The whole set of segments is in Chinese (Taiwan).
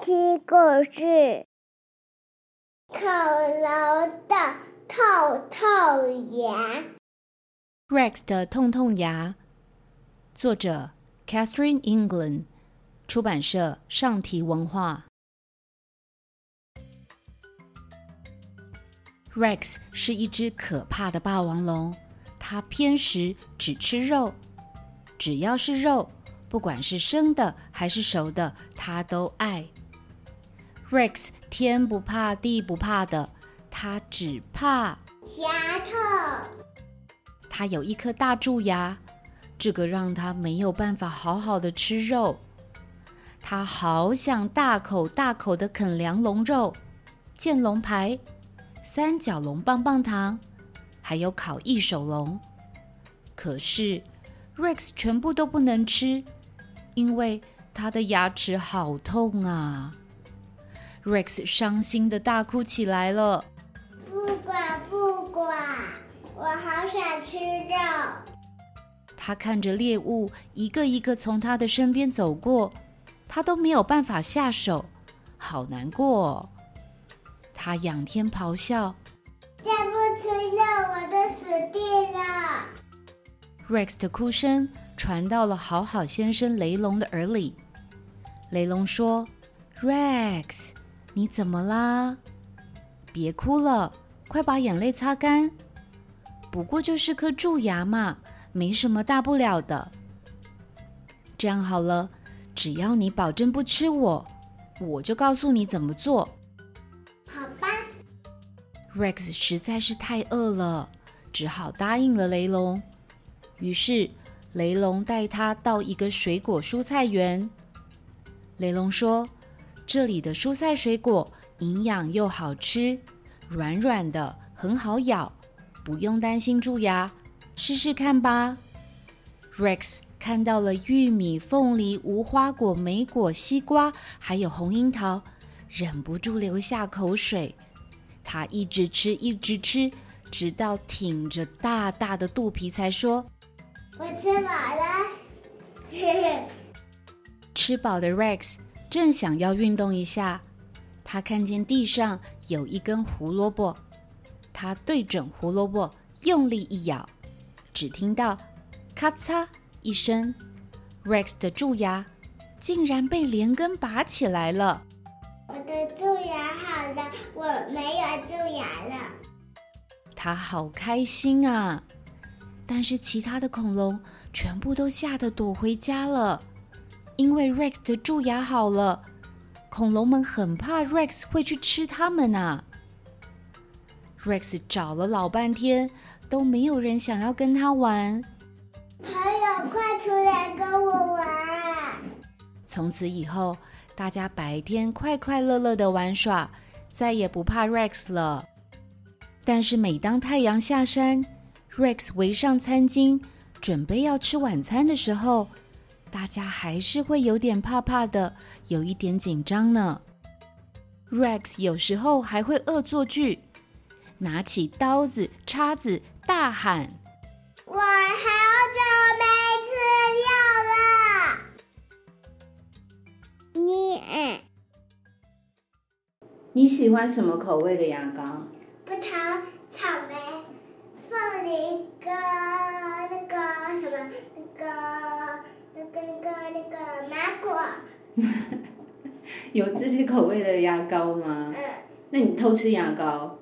聽故事，《恐龍的痛痛牙》。Rex 的痛痛牙，作者：Kathryn England，出版社：上堤文化。Rex 是一隻可怕的霸王龍，它偏食，只吃肉，只要是肉，不管是生的還是熟的，它都愛。Rex 天不怕地不怕的，他只怕牙痛頭。他有一顆大蛀牙，這個讓他沒有辦法好好的吃肉。他好想大口大口的啃梁龍肉、劍龍排、三角龍棒棒糖，還有烤翼手龍。可是 Rex 全部都不能吃，因為他的牙齒好痛啊。Rex 傷心的大哭起來了。不管不管，我好想吃肉。他看着獵物一個一個從他的身邊走過，他都沒有辦法下手，好難過。他仰天咆哮。再不吃肉，我就死定了。Rex 的哭聲傳到了好好先生雷龍的耳裡。雷龍說：“Rex。”你怎麼啦？別哭了，快把眼淚擦乾。不過就是顆蛀牙嘛，沒什麼大不了的。這樣好了，只要你保證不吃我，我就告訴你怎麼做。好吧。Rex 實在是太餓了，只好答應了雷龍。於是雷龍帶他到一個水果蔬菜園。雷龍說。這裡的蔬菜水果營養又好吃，軟軟的很好咬，不用擔心蛀牙，試試看吧。Rex 看到了玉米、鳳梨、無花果、莓果、西瓜，還有紅櫻桃，忍不住流下口水。他一直吃，一直吃，直到挺着大大的肚皮才說：“我吃飽了。”嘿嘿，吃飽的 Rex。正想要運動一下，他看見地上有一根胡蘿蔔，他對準胡蘿蔔用力一咬，只聽到“咔嚓”一聲，Rex 的蛀牙竟然被連根拔起來了。我的蛀牙好了，我沒有蛀牙了。他好開心啊！但是其他的恐龍全部都嚇得躲回家了。因為 Rex 的蛀牙好了，恐龍們很怕 Rex 會去吃它們啊。Rex 找了老半天都沒有人想要跟他玩。朋友，快出來跟我玩！從此以後，大家白天快快樂樂的玩耍，再也不怕 Rex 了。但是每當太陽下山，Rex 圍上餐巾，準備要吃晚餐的時候，大家還是會有點怕怕的，有一點緊張呢。Rex 有時候還會惡作劇，拿起刀子、叉子，大喊：“我好久沒吃藥了。”你，嗯、你喜歡什麼口味的牙膏？有這些口味的牙膏嗎？嗯，那你偷吃牙膏，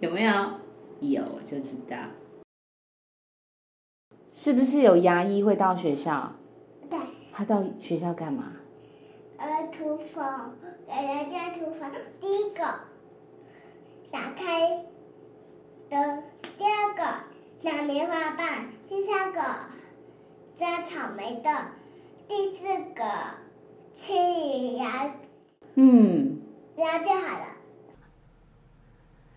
有沒有？有，我就知道。是不是有牙醫會到學校？對。他到學校幹嘛？呃，廚房，我要家廚房。第一個，打開燈。第二個，拿棉花棒。第三個，摘草莓的。第四個。清理牙，嗯，然後就好了。